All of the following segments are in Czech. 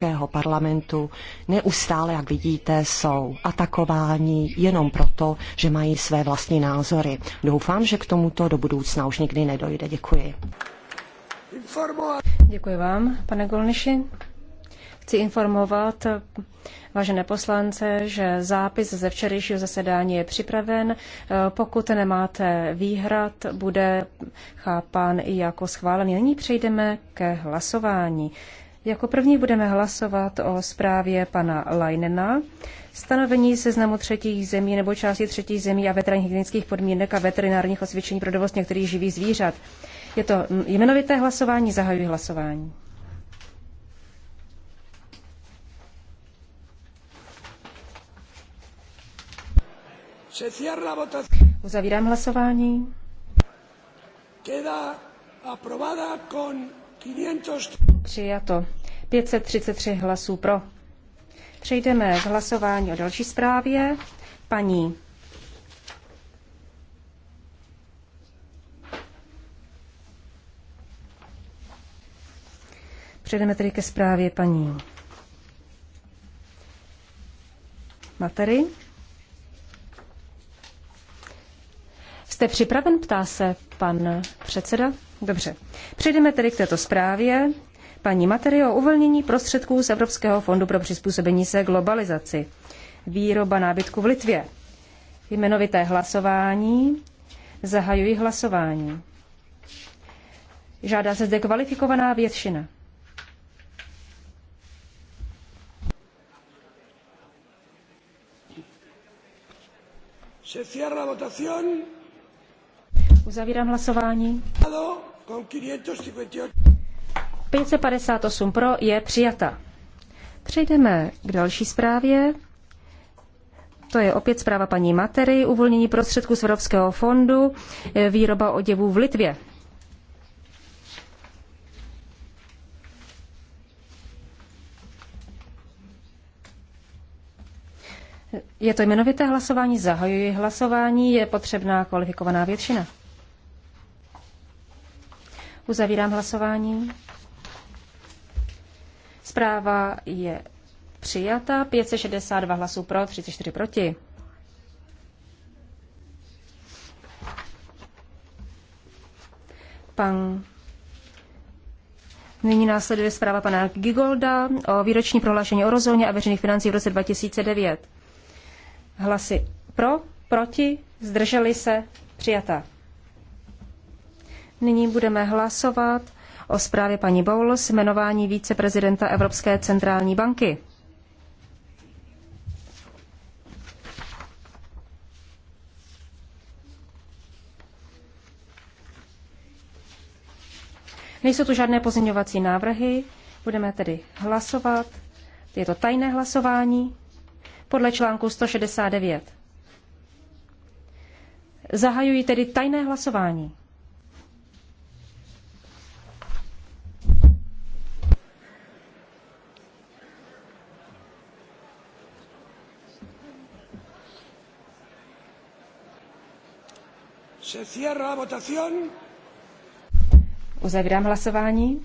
Evropského parlamentu neustále, jak vidíte, jsou atakováni jenom proto, že mají své vlastní názory. Doufám, že k tomuto do budoucna už nikdy nedojde. Děkuji. Děkuji vám, pane Golniši. Chci informovat vážené poslance, že zápis ze včerejšího zasedání je připraven. Pokud nemáte výhrad, bude chápán i jako schválený. Nyní přejdeme ke hlasování. Jako první budeme hlasovat o zprávě pana Leinena, stanovení seznamu třetích zemí nebo části třetích zemí a veterinárních hygienických podmínek a veterinárních osvědčení pro dovoz některých živých zvířat. Je to jmenovité hlasování, zahajuji hlasování. Uzavírám hlasování. Queda aprobada con 500... Přijato 533 hlasů pro. Přejdeme k hlasování o další zprávě. Paní Přejdeme tedy ke zprávě paní Matery. Jste připraven, ptá se pan předseda? Dobře. Přejdeme tedy k této zprávě paní Matery o uvolnění prostředků z Evropského fondu pro přizpůsobení se globalizaci. Výroba nábytku v Litvě. Jmenovité hlasování. Zahajuji hlasování. Žádá se zde kvalifikovaná většina. Uzavírám hlasování. 558 pro je přijata. Přejdeme k další zprávě. To je opět zpráva paní Matery, uvolnění prostředků z Evropského fondu, eh, výroba oděvů v Litvě. Je to jmenovité hlasování, zahajuji hlasování, je potřebná kvalifikovaná většina. Uzavírám hlasování. Zpráva je přijata, 562 hlasů pro, 34 proti. Pan Nyní následuje zpráva pana Gigolda o výroční prohlášení o rozhodně a veřejných financí v roce 2009. Hlasy pro, proti, zdrželi se, přijata. Nyní budeme hlasovat o zprávě paní Bowles jmenování viceprezidenta Evropské centrální banky. Nejsou tu žádné pozměňovací návrhy, budeme tedy hlasovat. Je to tajné hlasování podle článku 169. Zahajuji tedy tajné hlasování. Uzavírám hlasování.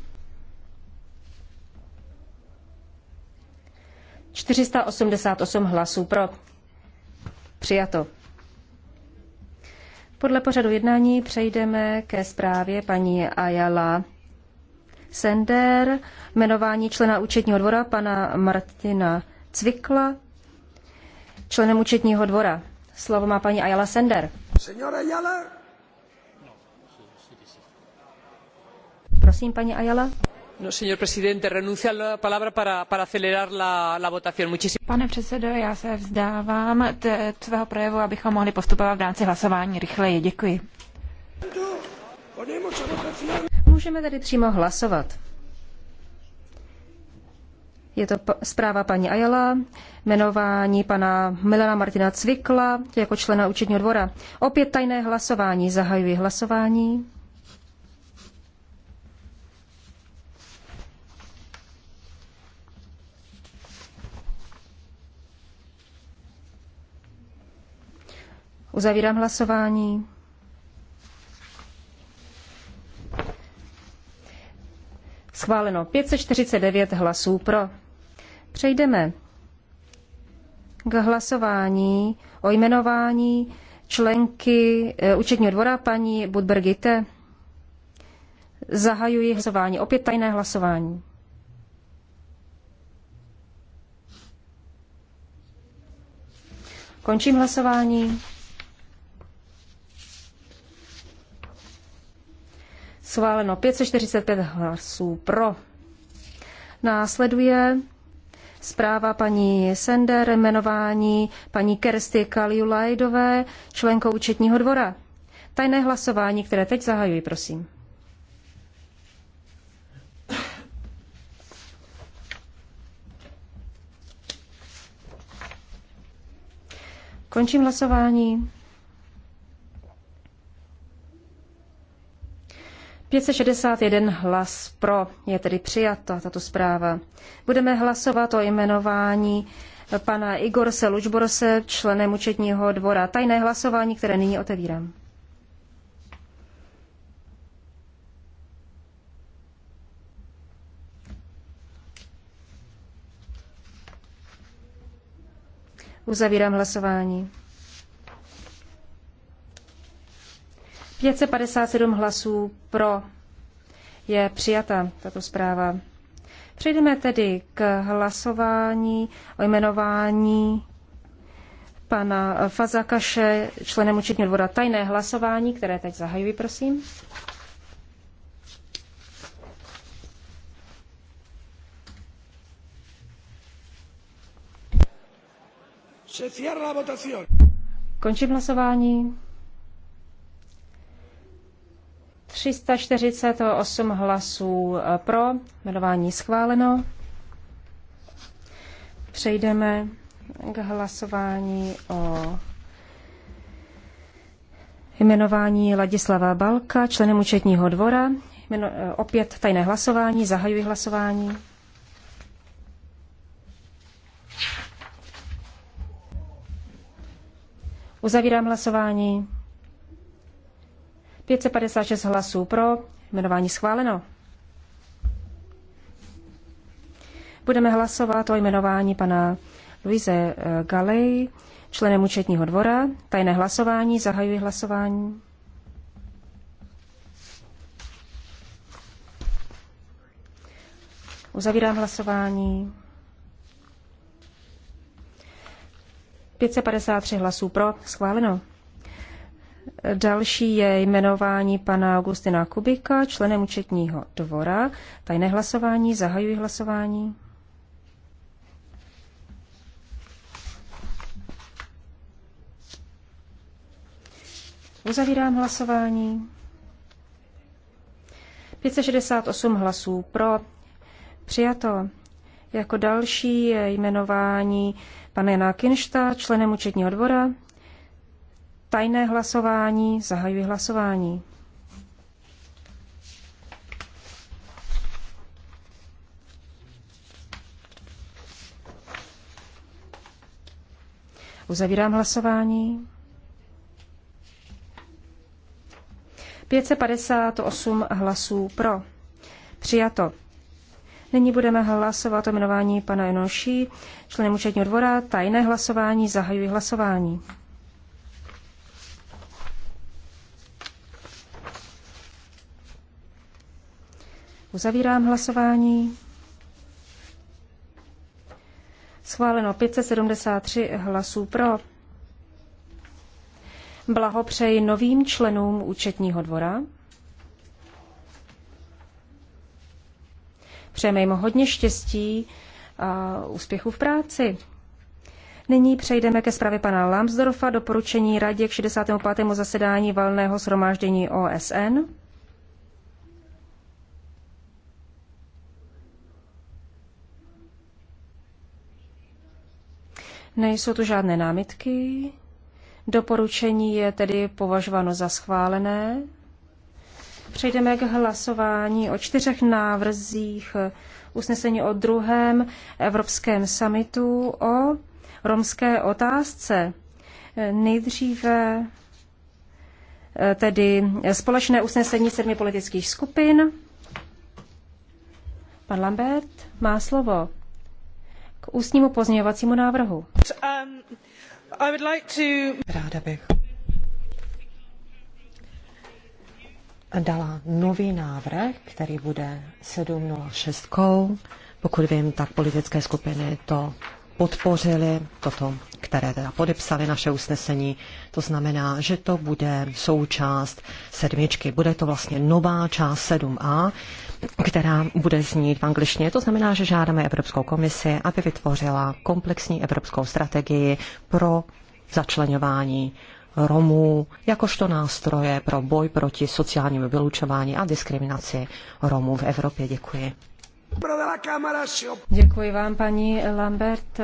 488 hlasů pro. Přijato. Podle pořadu jednání přejdeme ke zprávě paní Ayala Sender, jmenování člena účetního dvora pana Martina Cvikla, členem účetního dvora. Slovo má paní Ayala Sender. Senora Ayala? Prosím, paní Ayala. No, señor presidente, renuncio a la palabra para, para acelerar la, la votación. Muchísimas Pane předsedo, já se vzdávám svého projevu, abychom mohli postupovat v rámci hlasování rychleji. Děkuji. Můžeme tedy přímo hlasovat. Je to zpráva paní Ajala, jmenování pana Milana Martina Cvikla jako člena účetního dvora. Opět tajné hlasování. Zahajuji hlasování. Uzavírám hlasování. Schváleno 549 hlasů pro. Přejdeme k hlasování o jmenování členky eh, účetního dvora paní Budbergite. Zahajuji hlasování. Opět tajné hlasování. Končím hlasování. Sváleno 545 hlasů pro. Následuje Zpráva paní Sender, jmenování paní Kersty Kaliulajdové, členkou účetního dvora. Tajné hlasování, které teď zahajuji, prosím. Končím hlasování. 561 hlas pro je tedy přijata tato zpráva. Budeme hlasovat o jmenování pana Igorse Lučborse, členem účetního dvora. Tajné hlasování, které nyní otevírám. Uzavírám hlasování. 557 hlasů pro je přijata tato zpráva. Přejdeme tedy k hlasování o jmenování pana Fazakaše, členem účetního dvora. Tajné hlasování, které teď zahajuji, prosím. Končím hlasování. 348 hlasů eh, pro, jmenování schváleno. Přejdeme k hlasování o jmenování Ladislava Balka členem účetního dvora. Jmeno, eh, opět tajné hlasování, zahajuji hlasování. Uzavírám hlasování. 556 hlasů pro, jmenování schváleno. Budeme hlasovat o jmenování pana Luise eh, Galej, členem účetního dvora. Tajné hlasování, zahajuji hlasování. Uzavírám hlasování. 553 hlasů pro, schváleno. Další je jmenování pana Augustina Kubika členem účetního dvora. Tajné hlasování, zahajuji hlasování. Uzavírám hlasování. 568 hlasů pro. Přijato. Jako další je jmenování pana Jana Kinšta členem účetního dvora. Tajné hlasování, zahajuji hlasování. Uzavírám hlasování. 558 hlasů pro. Přijato. Nyní budeme hlasovat o jmenování pana Enoší, členem účetního dvora. Tajné hlasování, zahajuji hlasování. Uzavírám hlasování. Schváleno 573 hlasů pro. Blahopřeji novým členům účetního dvora. Přejeme jim hodně štěstí a úspěchu v práci. Nyní přejdeme ke zprávě pana Lambsdorfa, doporučení radě k 65. zasedání valného shromáždění OSN. Nejsou tu žádné námitky. Doporučení je tedy považováno za schválené. Přejdeme k hlasování o čtyřech návrzích usnesení o druhém Evropském samitu o romské otázce. Nejdříve eh, tedy společné usnesení sedmi politických skupin. Pan Lambert má slovo k ústnímu pozměňovacímu návrhu. Um, Ráda bych dala nový návrh, který bude 706. Pokud vím, tak politické skupiny to podpořili, toto, které teda podepsali naše usnesení. To znamená, že to bude součást sedmičky. Bude to vlastně nová část 7a, která bude znít v angličtině. To znamená, že žádáme Evropskou komisi, aby vytvořila komplexní evropskou strategii pro začlenování Romů jakožto nástroje pro boj proti sociálnímu vylučování a diskriminaci Romů v Evropě. Děkuji. Děkuji vám, paní Lambert.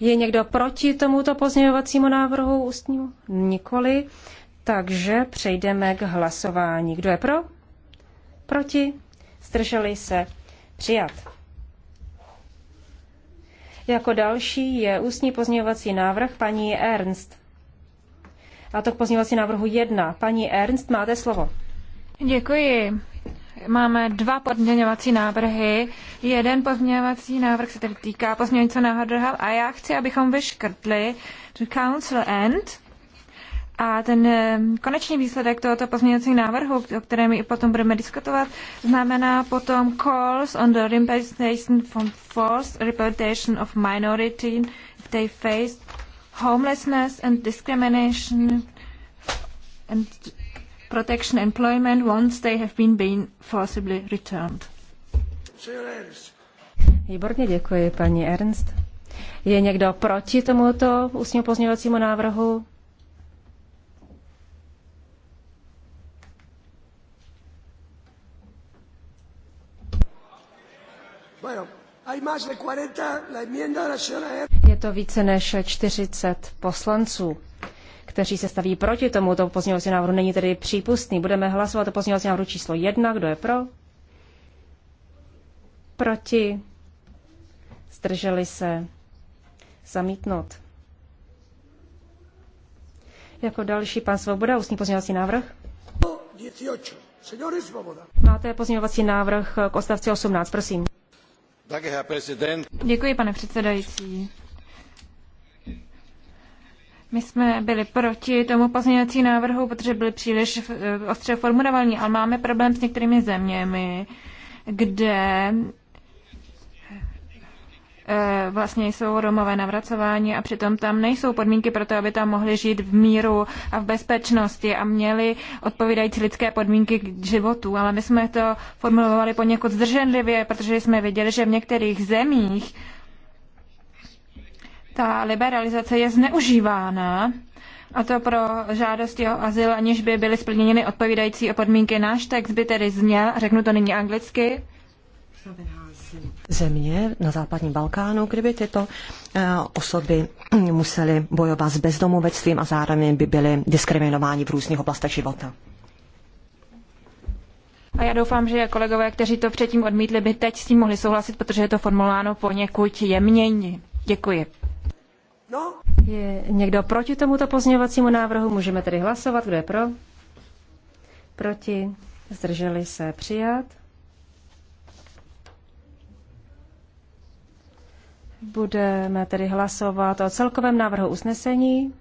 Je někdo proti tomuto pozměňovacímu návrhu ústnímu? Nikoli. Takže přejdeme k hlasování. Kdo je pro? Proti? Zdrželi se? Přijat. Jako další je ústní pozměňovací návrh paní Ernst. A to k pozměňovací návrhu 1. Paní Ernst, máte slovo. Děkuji. Máme dva pozměňovací návrhy. Jeden pozměňovací návrh se tedy týká pozměňovacího návrhu a já chci, abychom vyškrtli to council end a ten eh, konečný výsledek tohoto pozměňovacího návrhu, o kterém i potom budeme diskutovat, znamená potom calls on the representation from forced representation of minority if they face homelessness and discrimination and protection employment once they have been, been forcibly returned. Výborně děkuji, paní Ernst. Je někdo proti tomuto ústního pozměňovacímu návrhu? Je to více než 40 poslanců, kteří se staví proti tomuto pozměňovacímu návrhu. Není tedy přípustný. Budeme hlasovat o pozměňovacím návrhu číslo 1. Kdo je pro? Proti? Zdrželi se? Zamítnout. Jako další pan Svoboda, ústní pozměňovací návrh. 18. Máte pozměňovací návrh k odstavci 18, prosím. Děkuji, pane předsedající. My jsme byli proti tomu pozměňovací návrhu, protože byli příliš eh, ostře formulovaní, ale máme problém s některými zeměmi, kde Eh, vlastně jsou Romové navracováni a přitom tam nejsou podmínky pro to, aby tam mohli žít v míru a v bezpečnosti a měli odpovídající lidské podmínky k životu. Ale my jsme to formulovali poněkud zdrženlivě, protože jsme viděli, že v některých zemích ta liberalizace je zneužívána a to pro žádosti o azyl, aniž by byly splněny odpovídající podmínky. Náš text by tedy zněl, řeknu to nyní anglicky země na západním Balkánu, kdyby tyto eh, osoby musely bojovat s bezdomovectvím a zároveň by byly diskriminováni v různých oblastech života. A já doufám, že kolegové, kteří to předtím odmítli, by teď s tím mohli souhlasit, protože je to formulováno poněkud jemněji. Děkuji. No. Je někdo proti tomuto pozměňovacímu návrhu? Můžeme tedy hlasovat. Kdo je pro? Proti? Zdrželi se přijat? Budeme tedy hlasovat o celkovém návrhu usnesení.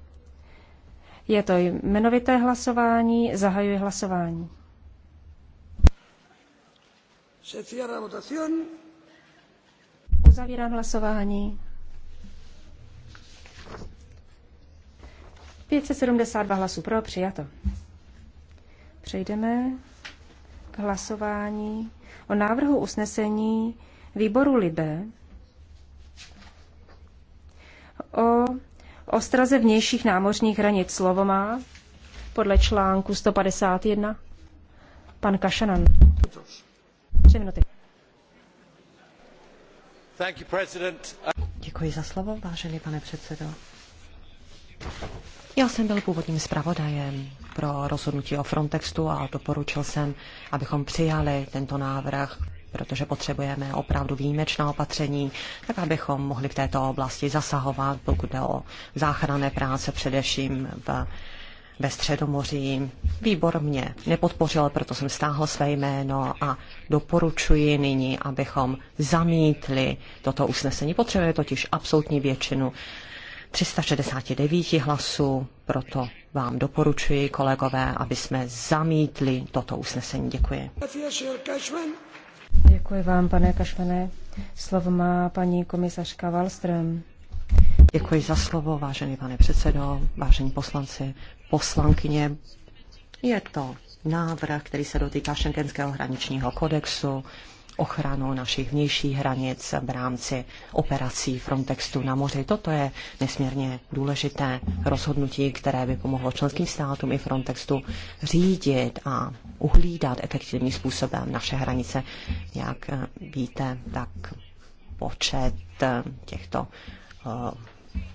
Je to jmenovité hlasování. Zahajuji hlasování. Uzavírám hlasování. 572 hlasů pro, přijato. Přejdeme k hlasování o návrhu usnesení výboru LIBE o ostraze vnějších námořních hranic. Slovo má podle článku 151 pan Kašanan. Tři minuty. Děkuji za slovo, vážený pane předsedo. Já jsem byl původním zpravodajem pro rozhodnutí o Frontextu a doporučil jsem, abychom přijali tento návrh protože potřebujeme opravdu výjimečná opatření, tak abychom mohli v této oblasti zasahovat, pokud jde o záchranné práce především v ve Středomoří. Výbor mě nepodpořil, proto jsem stáhl své jméno a doporučuji nyní, abychom zamítli toto usnesení. Potřebuje totiž absolutní většinu 369 hlasů, proto vám doporučuji, kolegové, aby jsme zamítli toto usnesení. Děkuji. Děkuji vám, pane Kašmané. Slovo má paní komisařka Wallström. Děkuji za slovo, vážený pane předsedo, vážení poslanci, poslankyně. Je to návrh, který se dotýká šengenského hraničního kodexu ochranu našich vnějších hranic v rámci operací Frontextu na moři. Toto je nesmírně důležité rozhodnutí, které by pomohlo členským státům i Frontextu řídit a uhlídat efektivním způsobem naše hranice. Jak eh, víte, tak počet eh, těchto eh,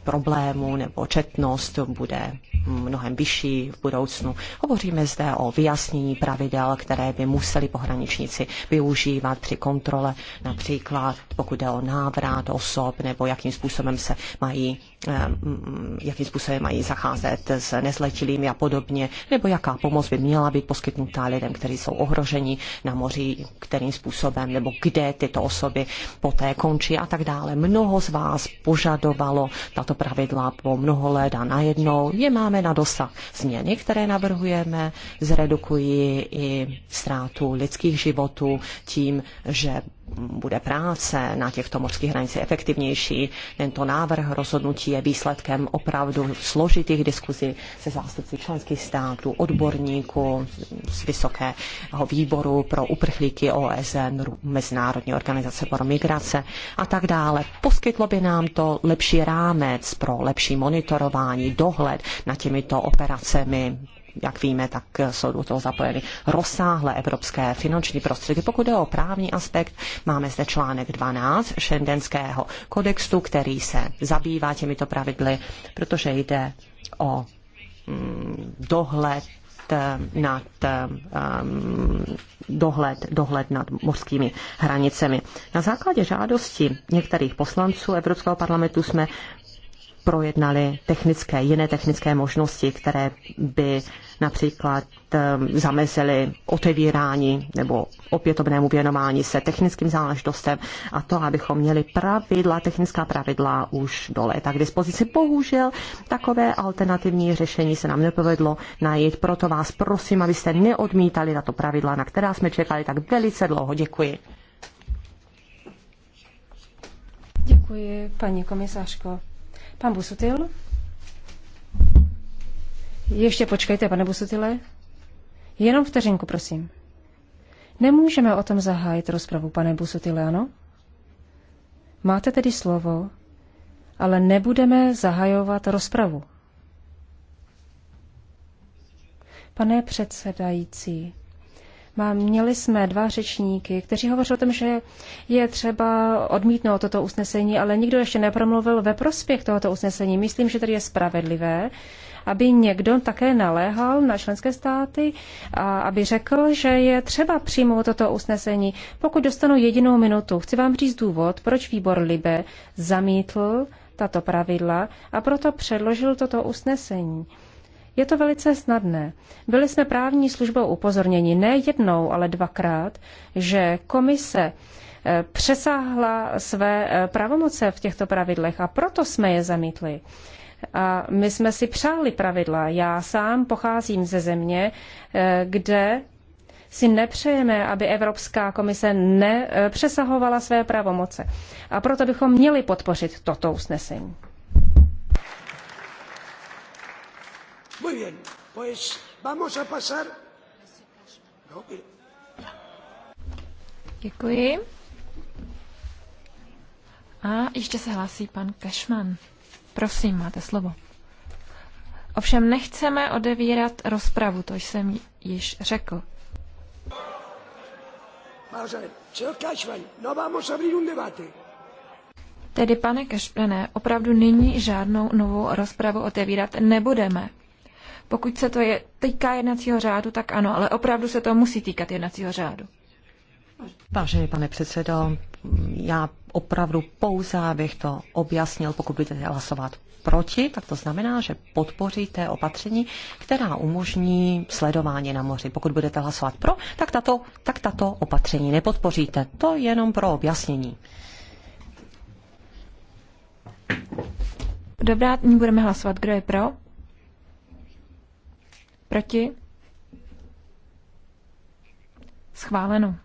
problémů nebo četnost bude mnohem vyšší v budoucnu. Hovoříme zde o vyjasnění pravidel, které by museli pohraničníci využívat při kontrole, například pokud jde o návrat osob nebo jakým způsobem se mají Eh, mm, jakým způsobem mají zacházet s nezletilými a podobně, nebo jaká pomoc by měla být poskytnutá lidem, kteří jsou ohroženi na moři, kterým způsobem, nebo kde tyto osoby poté končí a tak dále. Mnoho z vás požadovalo tato pravidla po mnoho let a najednou je máme na dosah. Změny, které navrhujeme, zredukují i ztrátu lidských životů tím, že bude práce na těchto mořských hranicích efektivnější. Tento návrh rozhodnutí je výsledkem opravdu složitých diskuzí se zástupci členských států, odborníků z Vysokého výboru pro uprchlíky OSN, Mezinárodní organizace pro migrace a tak dále. Poskytlo by nám to lepší rámec pro lepší monitorování, dohled nad těmito operacemi jak víme, tak jsou do toho zapojeny rozsáhlé evropské finanční prostředky. Pokud jde o právní aspekt, máme zde článek 12 šendenského kodexu, který se zabývá těmito pravidly, protože jde o mm, dohled eh, nad um, dohled, dohled nad mořskými hranicemi. Na základě žádosti některých poslanců Evropského parlamentu jsme projednali technické, jiné technické možnosti, které by například ehm, zamezily otevírání nebo opětovnému věnování se technickým záležitostem a to, abychom měli pravidla, technická pravidla už do léta k dispozici. Bohužel takové alternativní řešení se nám nepovedlo najít, proto vás prosím, abyste neodmítali na to pravidla, na která jsme čekali tak velice dlouho. Děkuji. Děkuji, paní komisařko. Pan Busutil? Ještě počkejte, pane Busutile. Jenom vteřinku, prosím. Nemůžeme o tom zahájit rozpravu, pane Busutile, ano? Máte tedy slovo, ale nebudeme zahajovat rozpravu. Pane předsedající, Měli jsme dva řečníky, kteří hovořili o tom, že je třeba odmítnout toto usnesení, ale nikdo ještě nepromluvil ve prospěch tohoto usnesení. Myslím, že tady je spravedlivé, aby někdo také naléhal na členské státy a aby řekl, že je třeba přijmout toto usnesení. Pokud dostanu jedinou minutu, chci vám říct důvod, proč výbor Libe zamítl tato pravidla a proto předložil toto usnesení. Je to velice snadné. Byli jsme právní službou upozorněni ne jednou, ale dvakrát, že komise eh, přesáhla své eh, pravomoce v těchto pravidlech a proto jsme je zamítli. A my jsme si přáli pravidla. Já sám pocházím ze země, eh, kde si nepřejeme, aby Evropská komise nepřesahovala své pravomoce. A proto bychom měli podpořit toto usnesení. Muy bien, pues vamos a pasar. No, Děkuji. A ještě se hlásí pan Kešman. Prosím, máte slovo. Ovšem nechceme odevírat rozpravu, to jsem již řekl. No Tedy, pane Cashmane, opravdu nyní žádnou novou rozpravu otevírat nebudeme. Pokud se to je, týká jednacího řádu, tak ano, ale opravdu se to musí týkat jednacího řádu. Vážený pane předsedo, já opravdu pouze, abych to objasnil, pokud budete hlasovat proti, tak to znamená, že podpoříte opatření, která umožní sledování na moři. Pokud budete hlasovat pro, tak tato, tak tato opatření nepodpoříte. To jenom pro objasnění. Dobrá, nyní budeme hlasovat, kdo je pro. Proti? Schváleno.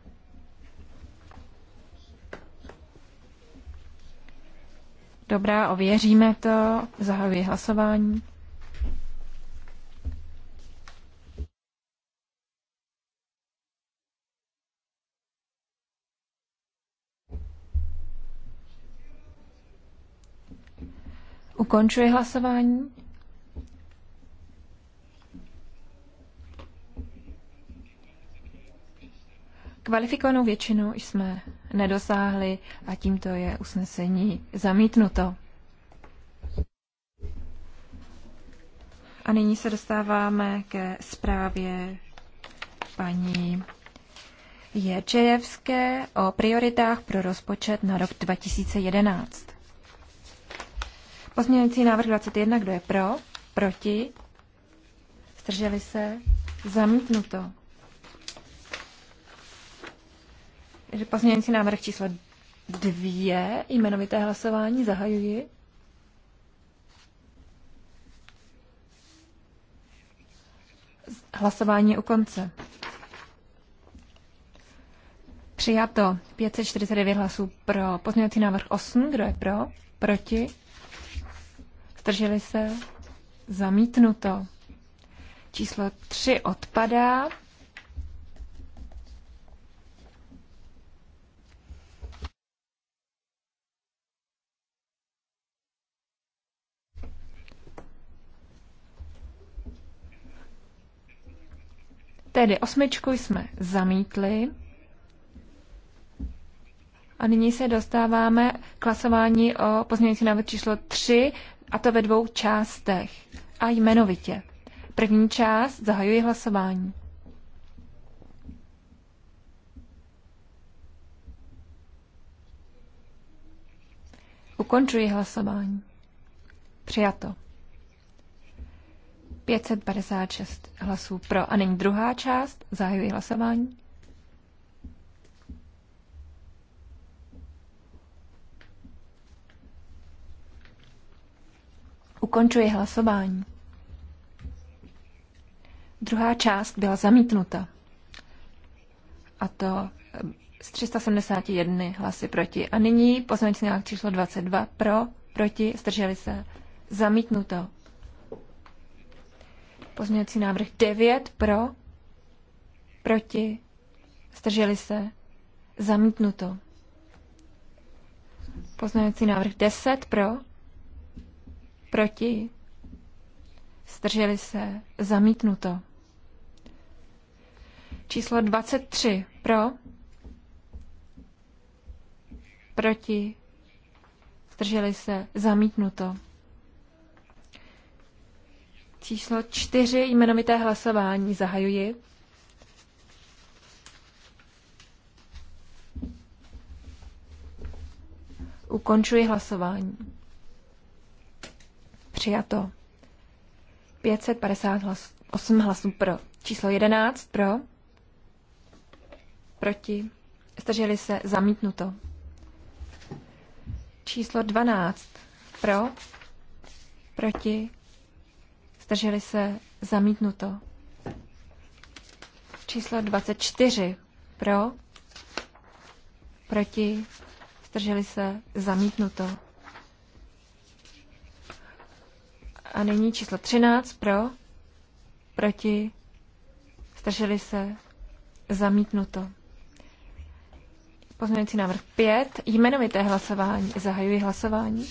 Dobrá, ověříme to. Zahajuji hlasování. Ukončuji hlasování. Kvalifikovanou většinu jsme nedosáhli a tímto je usnesení zamítnuto. A nyní se dostáváme ke zprávě paní Ječejevské o prioritách pro rozpočet na rok 2011. Pozměňující návrh 21, kdo je pro, proti, Strželi se, zamítnuto. Pozměňující návrh číslo dvě, jmenovité hlasování, zahajuji. Hlasování u konce. Přijato 549 hlasů pro pozměňovací návrh 8. Kdo je pro? Proti? Zdrželi se? Zamítnuto. Číslo 3 odpadá. Tedy osmičku jsme zamítli. A nyní se dostáváme k hlasování o pozměňující návrh číslo 3, a to ve dvou částech. A jmenovitě. První část zahajuji hlasování. Ukončuji hlasování. Přijato. 556 hlasů pro. A nyní druhá část. Zahajuji hlasování. Ukončuji hlasování. Druhá část byla zamítnuta. A to eh, z 371 hlasy proti. A nyní poslanecký návrh číslo 22 pro, proti, zdrželi se. Zamítnuto. Pozměňovací návrh 9 pro, proti, zdrželi se, zamítnuto. Pozměňovací návrh 10 pro, proti, zdrželi se, zamítnuto. Číslo 23 pro, proti, zdrželi se, zamítnuto. Číslo čtyři, jmenovité hlasování, zahajuji. Ukončuji hlasování. Přijato. 558 hlasů pro. Číslo 11 pro. Proti. Zdrželi se. Zamítnuto. Číslo 12 pro. Proti. Zdrželi se zamítnuto. Číslo 24 pro, proti, zdrželi se zamítnuto. A nyní číslo 13 pro, proti, zdrželi se zamítnuto. Pozměňující návrh 5. Jmenovité hlasování. Zahajuji hlasování.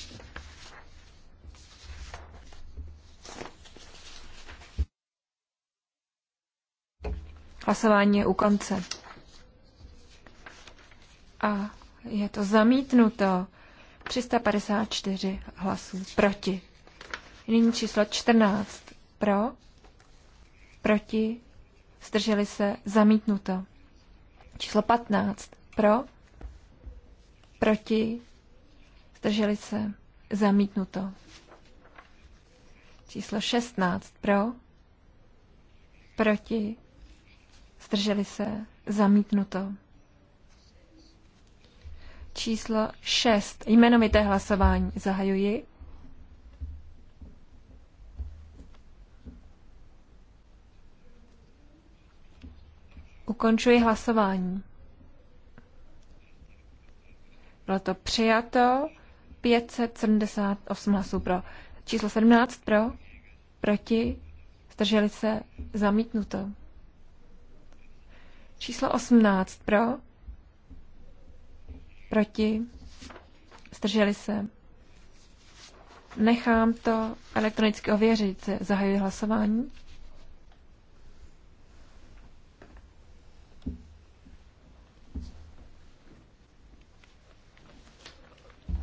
Hlasování je u konce. A je to zamítnuto. 354 hlasů proti. Nyní číslo 14 pro, proti, zdrželi se, zamítnuto. Číslo 15 pro, proti, zdrželi se, zamítnuto. Číslo 16 pro, proti, zdrželi se, zamítnuto. Číslo 6. Jmenovité hlasování. Zahajuji. Ukončuji hlasování. Bylo to přijato 578 hlasů pro. Číslo 17 pro, proti, zdrželi se, zamítnuto. Číslo 18 pro, proti, zdrželi se. Nechám to elektronicky ověřit. Zahajuji hlasování.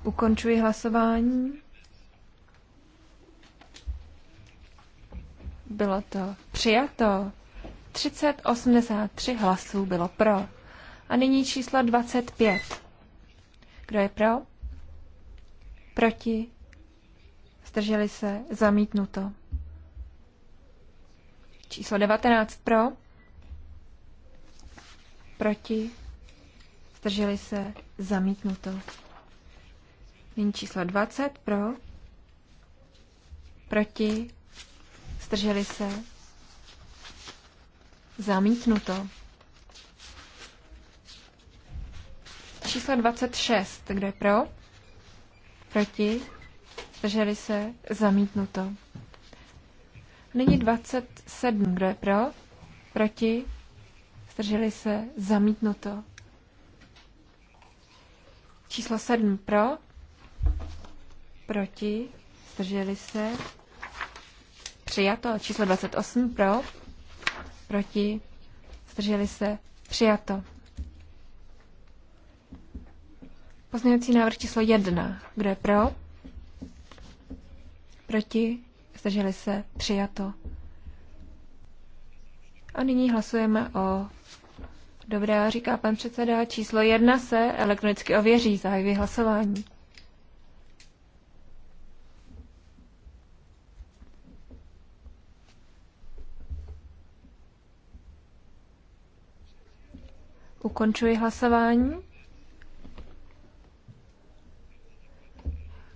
Ukončuji hlasování. Bylo to přijato. 3083 hlasů bylo pro. A nyní číslo 25. Kdo je pro? Proti? Zdrželi se? Zamítnuto. Číslo 19 pro? Proti? Zdrželi se? Zamítnuto. Nyní číslo 20 pro? Proti? Zdrželi se? Zamítnuto. Číslo 26. Kdo je pro? Proti? Zdrželi se? Zamítnuto. Nyní 27. Kdo je pro? Proti? Zdrželi se? Zamítnuto. Číslo 7. Pro? Proti? Zdrželi se? Přijato. Číslo 28. Pro? proti, zdrželi se, přijato. Pozměňovací návrh číslo 1. Kdo je pro? Proti? Zdrželi se? Přijato. A nyní hlasujeme o... Dobrá, říká pan předseda, číslo 1 se elektronicky ověří. Zahajuji hlasování. Ukončuji hlasování.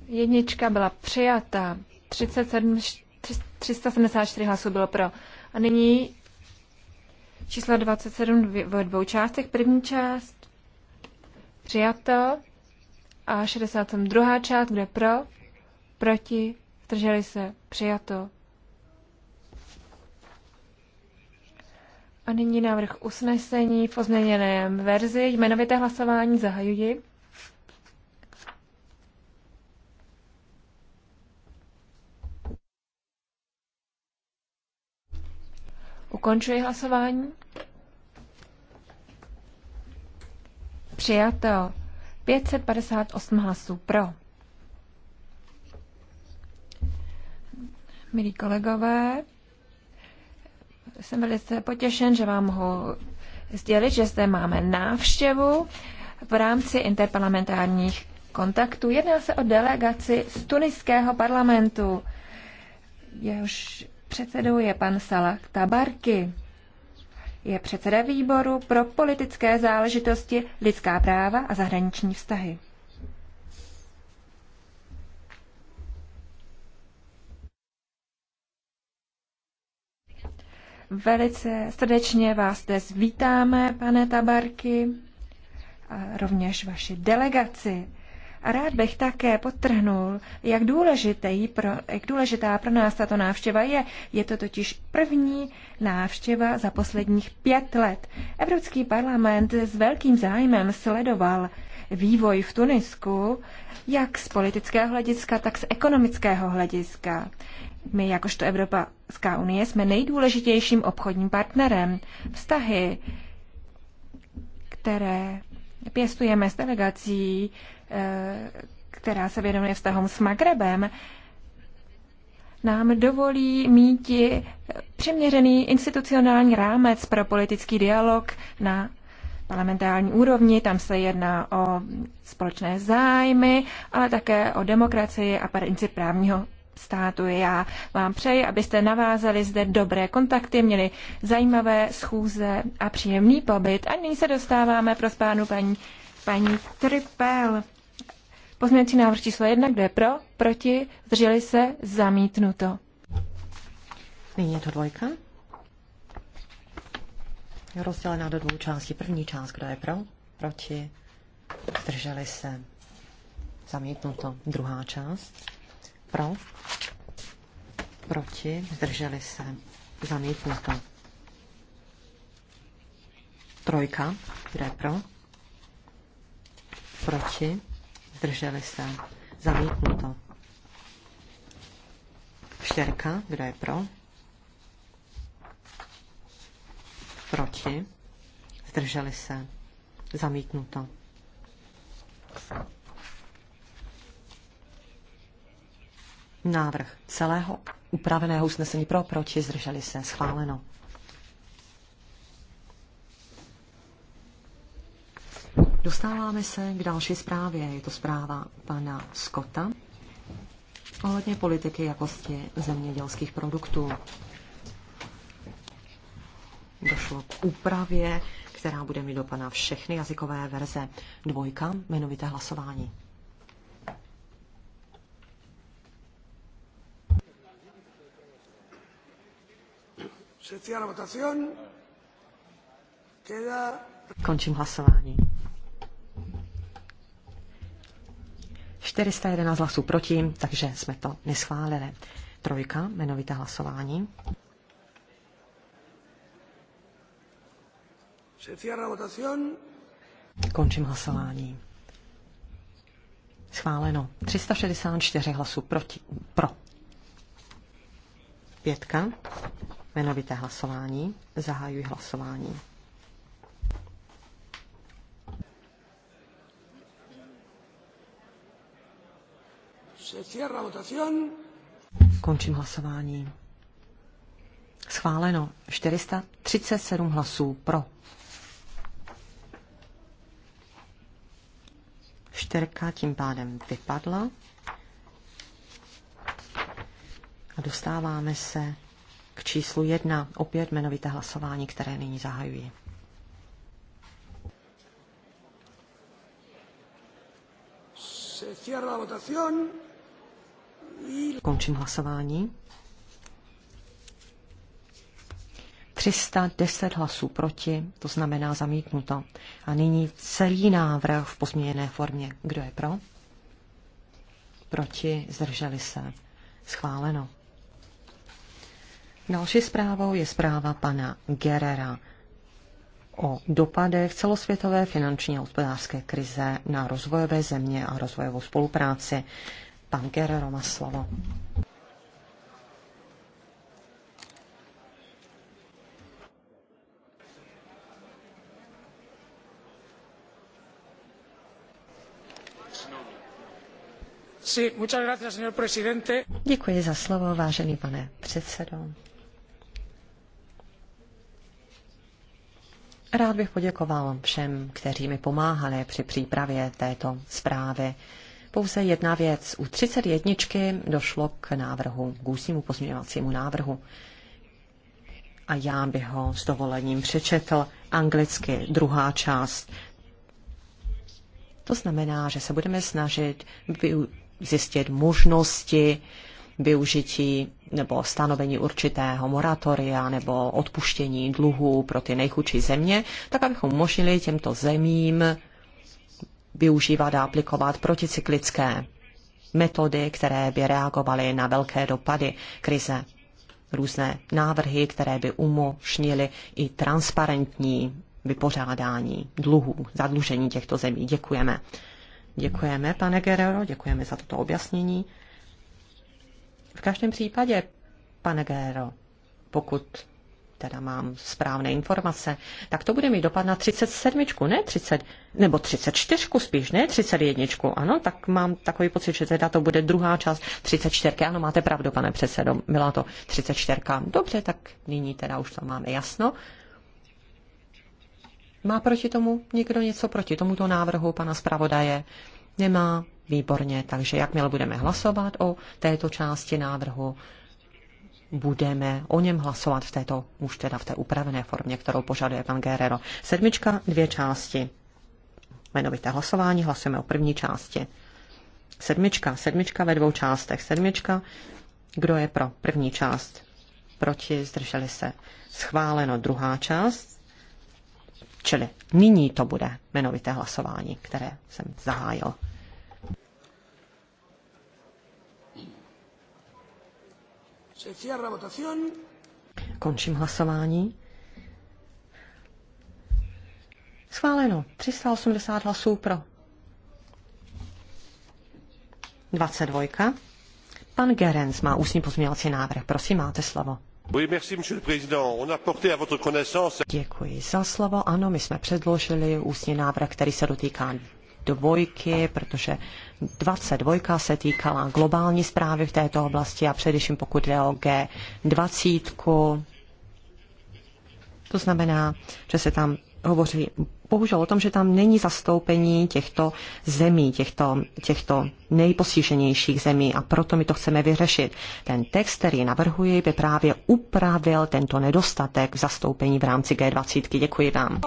Jednička byla přijata. 37, 374 hlasů bylo pro. A nyní číslo 27 ve dvou částech. První část přijato a 62. druhá část, kde pro, proti, drželi se, přijato. A nyní návrh usnesení v pozměněném verzi. Jmenovité hlasování zahajuji. Ukončuji hlasování. Přijato 558 hlasů pro. Milí kolegové, jsem velice potěšen, že vám mohu sdělit, že zde máme návštěvu v rámci interparlamentárních kontaktů. Jedná se o delegaci z tuniského parlamentu. Jehož předsedou je pan Salah Tabarky. Je předseda výboru pro politické záležitosti, lidská práva a zahraniční vztahy. Velice srdečně vás dnes vítáme, pane Tabarky, a rovněž vaši delegaci. Rád bych také podtrhnul, jak, pro, jak důležitá pro nás tato návštěva je. Je to totiž první návštěva za posledních pět let. Evropský parlament s velkým zájmem sledoval vývoj v Tunisku, jak z politického hlediska, tak z ekonomického hlediska. My, jakožto Evropská unie, jsme nejdůležitějším obchodním partnerem. Vztahy, které pěstujeme s delegací, Eh, která se věnuje vztahům s Magrebem, nám dovolí mít přiměřený institucionální rámec pro politický dialog na parlamentární úrovni. Tam se jedná o společné zájmy, ale také o demokracii a princip právního státu. Já vám přeji, abyste navázali zde dobré kontakty, měli zajímavé schůze a příjemný pobyt. A nyní se dostáváme pro spánu paní, paní Tripel. Pozměňovací návrh číslo jedna, kdo je pro, proti, zdrželi se, zamítnuto. Nyní je to dvojka. rozdělená do dvou částí. První část, kdo je pro, proti, zdrželi se, zamítnuto. Druhá část, pro, proti, zdrželi se, zamítnuto. Trojka, kdo je pro, proti, Zdrželi se. Zamítnuto. štěrka, Kdo je pro? Proti. Zdrželi se. Zamítnuto. Návrh celého upraveného usnesení pro, proti, zdrželi se, schváleno. Dostáváme se k další zprávě. Je to zpráva pana Skota ohledně politiky jakosti zemědělských produktů. Došlo k úpravě, která bude mít dopad na všechny jazykové verze. Dvojka, jmenovité hlasování. Končím hlasování. 411 hlasů proti, takže jsme to neschválili. Trojka, jmenovité hlasování. Končím hlasování. Schváleno. 364 hlasů proti, pro. Pětka. Jmenovité hlasování. Zahajuji hlasování. Končím hlasování. Schváleno 437 hlasů pro. Čtyřka tím pádem vypadla. A dostáváme se k číslu jedna, opět jmenovité hlasování, které nyní zahajuji. Se cierra la votación. Končím hlasování. 310 hlasů proti, to znamená zamítnuto. A nyní celý návrh v pozměněné formě. Kdo je pro? Proti, zdrželi se. Schváleno. Další zprávou je zpráva pana Gerera o dopadech celosvětové finanční a hospodářské krize na rozvojové země a rozvojovou spolupráci. Pan Guerrero má slovo. Děkuji za slovo, vážený pane předsedo. Rád bych poděkoval všem, kteří mi pomáhali při přípravě této zprávy pouze jedna věc. U 31 došlo k návrhu, k ústnímu pozměňovacímu návrhu. A já bych ho s dovolením přečetl anglicky, druhá část. To znamená, že se budeme snažit zjistit možnosti využití nebo stanovení určitého moratoria nebo odpuštění dluhů pro ty nejchudší země, tak abychom umožnili těmto zemím využívat a aplikovat proticyklické metody, které by reagovaly na velké dopady krize. Různé návrhy, které by umožnily i transparentní vypořádání dluhů, zadlužení těchto zemí. Děkujeme. Děkujeme, pane Guerrero, děkujeme za toto objasnění. V každém případě, pane Guerrero, pokud teda mám správné informace, tak to bude mít dopad na 37, ne 30, nebo 34 spíš, ne 31. Ano, tak mám takový pocit, že teda to bude druhá část 34. Ano, máte pravdu, pane předsedo, byla to 34. Dobře, tak nyní teda už to máme jasno. Má proti tomu někdo něco proti tomuto návrhu pana zpravodaje? Nemá, výborně, takže jakmile budeme hlasovat o této části návrhu, budeme o něm hlasovat v této, už teda v té upravené formě, kterou požaduje pan Guerrero. Sedmička, dvě části. Jmenovité hlasování, hlasujeme o první části. Sedmička, sedmička ve dvou částech. Sedmička, kdo je pro první část? Proti, zdrželi se. Schváleno druhá část, čili nyní to bude jmenovité hlasování, které jsem zahájil. Končím hlasování. Schváleno. 380 hlasů pro. 22. Pan Gerenc má ústní pozměňovací návrh. Prosím, máte slovo. Děkuji za slovo. Ano, my jsme předložili ústní návrh, který se dotýká dvojky, protože 22 se týkala globální zprávy v této oblasti a především pokud jde o G20. To znamená, že se tam hovoří bohužel o tom, že tam není zastoupení těchto zemí, těchto, těchto nejpostiženějších zemí a proto my to chceme vyřešit. Ten text, který navrhuji, by právě upravil tento nedostatek v zastoupení v rámci G20. Děkuji vám.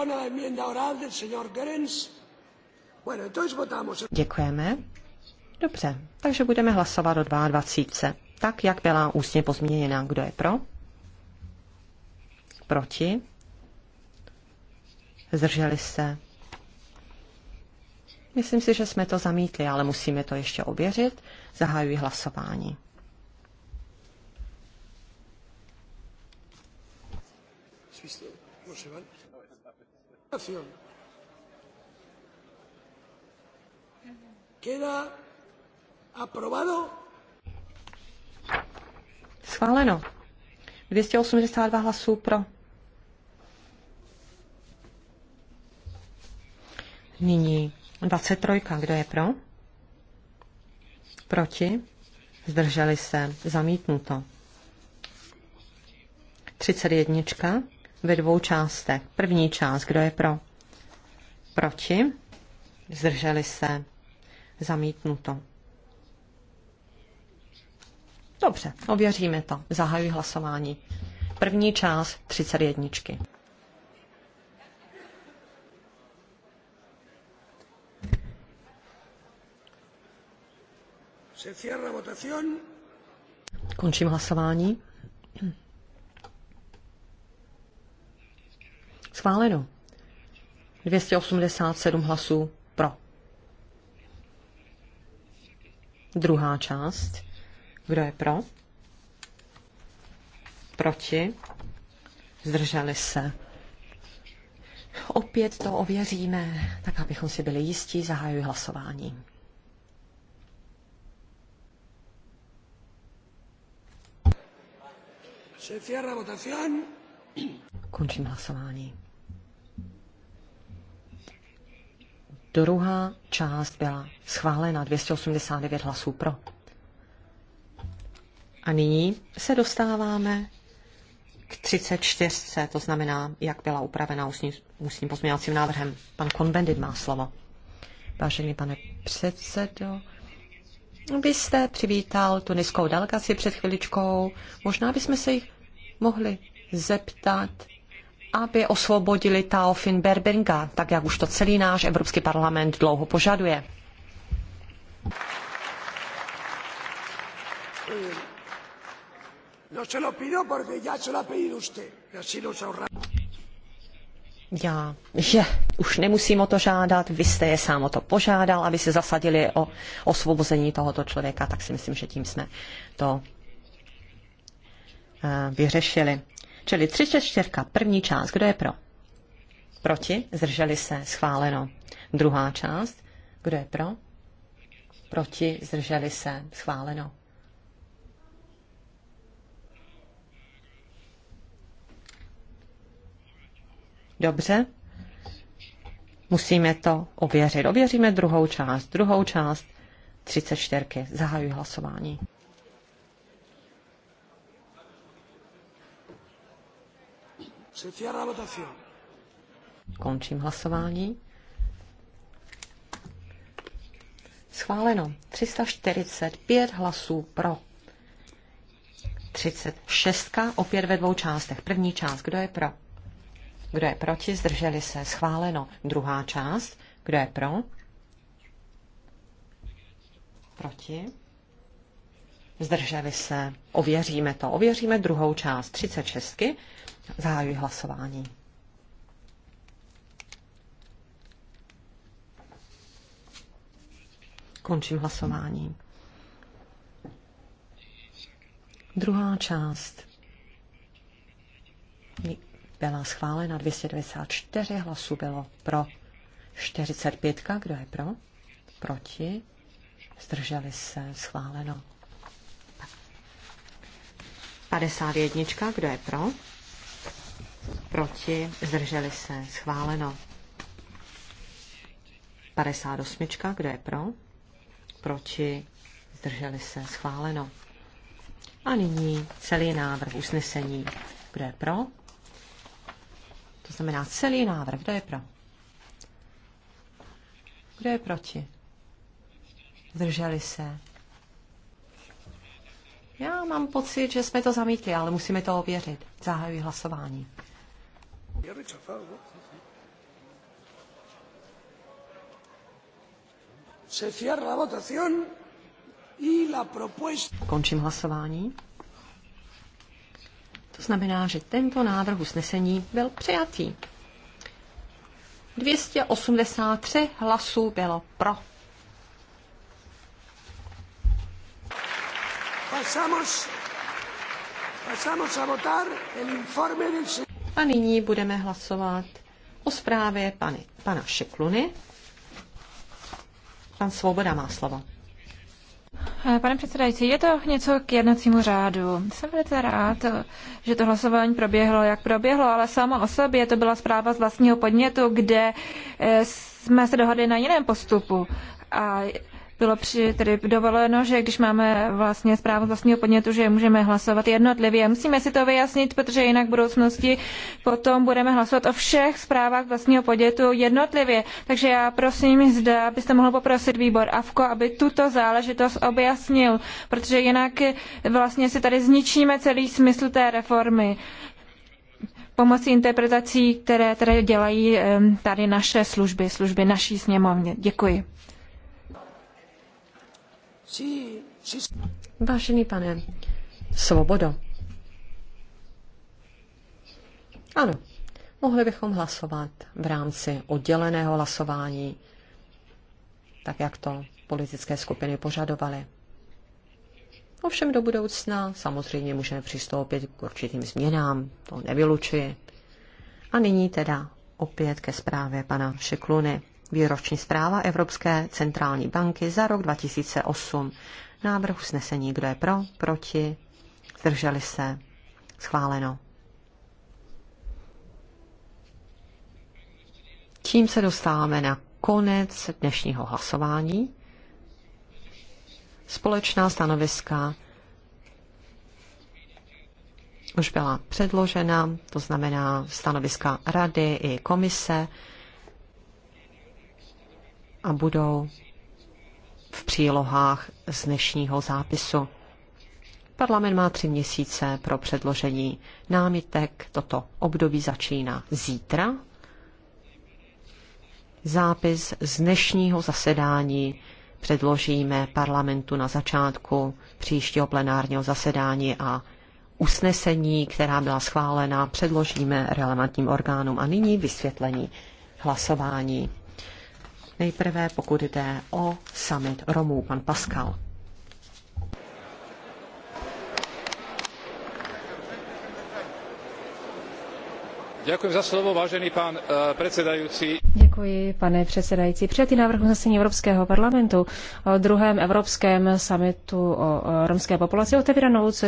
Děkujeme. Dobře, takže budeme hlasovat o 22. Tak, jak byla ústně pozměněna. Kdo je pro? Proti? Zdrželi se? Myslím si, že jsme to zamítli, ale musíme to ještě ověřit. Zahajuji hlasování. Prosím. Queda aprobado. Schváleno. 282 hlasů pro. Nyní 23. Kdo je pro? Proti? Zdrželi se. Zamítnuto. 31. Ve dvou částech. První část. Kdo je pro? Proti? Zdrželi se. Zamítnuto. Dobře, ověříme to. Zahajuji hlasování. První část 31. Se cierra votación. Končím hlasování. Schváleno. 287 hlasů Druhá část. Kdo je pro? Proti? Zdrželi se. Opět to ověříme, tak abychom si byli jistí, zahajuji hlasování. Končím hlasování. Druhá část byla schválena 289 hlasů pro. A nyní se dostáváme k 34, to znamená, jak byla upravena ústním, pozměňovacím návrhem. Pan Konbendit má slovo. Vážený pane předsedo, byste přivítal tu nízkou delegaci před chviličkou. Možná bychom se jich mohli zeptat, aby osvobodili Taofin Berbinga, tak jak už to celý náš Evropský parlament dlouho požaduje. No Já, že už nemusím o to žádat, vy jste je sám o to požádal, aby se zasadili o osvobození tohoto člověka, tak si myslím, že tím jsme to eh, vyřešili. Čili 34. První část. Kdo je pro? Proti? Zdrželi se? Schváleno. Druhá část. Kdo je pro? Proti? Zdrželi se? Schváleno. Dobře. Musíme to ověřit. Ověříme druhou část. Druhou část 34. Zahajuji hlasování. Končím hlasování. Schváleno 345 hlasů pro. 36, opět ve dvou částech. První část, kdo je pro? Kdo je proti? Zdrželi se. Schváleno. Druhá část, kdo je pro? Proti zdrželi se, ověříme to. Ověříme druhou část 36. Zahajuji hlasování. Končím hlasování. Druhá část byla schválena 294 hlasů bylo pro 45, kdo je pro? Proti? Zdrželi se, schváleno. 51. Kdo je pro? Proti? Zdrželi se? Schváleno. 58. Kdo je pro? Proti? Zdrželi se? Schváleno. A nyní celý návrh usnesení. Kdo je pro? To znamená celý návrh. Kdo je pro? Kdo je proti? Zdrželi se? Já mám pocit, že jsme to zamítli, ale musíme to ověřit. Zahajuji hlasování. Se cierra la y la propuesta... Končím hlasování. To znamená, že tento návrh usnesení byl přijatý. 283 hlasů bylo pro. A nyní budeme hlasovat o zprávě pany, pana Šekluny. Pan Svoboda má slovo. Eh, pane předsedající, je to něco k jednacímu řádu. Jsem velice rád, že to hlasování proběhlo, jak proběhlo, ale samo o sobě to byla zpráva z vlastního podnětu, kde eh, jsme se dohodli na jiném postupu. A bylo při, tedy dovoleno, že když máme vlastně zprávu z vlastního podnětu, že můžeme hlasovat jednotlivě. Musíme si to vyjasnit, protože jinak v budoucnosti potom budeme hlasovat o všech zprávách vlastního podnětu jednotlivě. Takže já prosím, zda byste mohl poprosit výbor AFKO, aby tuto záležitost objasnil, protože jinak vlastně si tady zničíme celý smysl té reformy pomocí interpretací, které, které dělají eh, tady naše služby, služby naší sněmovně. Děkuji. Vážený pane Svobodo. Ano, mohli bychom hlasovat v rámci odděleného hlasování, tak jak to politické skupiny požadovaly. Ovšem do budoucna samozřejmě můžeme přistoupit k určitým změnám, to nevylučuji. A nyní teda opět ke zprávě pana Šekluny. Výroční zpráva Evropské centrální banky za rok 2008. Návrh usnesení, kdo je pro, proti, zdrželi se, schváleno. Tím se dostáváme na konec dnešního hlasování. Společná stanoviska už byla předložena, to znamená stanoviska rady i komise a budou v přílohách z dnešního zápisu. Parlament má tři měsíce pro předložení námitek. Toto období začíná zítra. Zápis z dnešního zasedání předložíme parlamentu na začátku příštího plenárního zasedání a usnesení, která byla schválena, předložíme relevantním orgánům. A nyní vysvětlení hlasování. Nejprve pokud jde o summit Romů, pan Pascal. Děkuji za slovo, vážený pan eh, předsedající. Děkuji, pane předsedající. Přijatý návrh usnesení Evropského parlamentu o druhém evropském summitu o romské populaci otevírá novou cestu.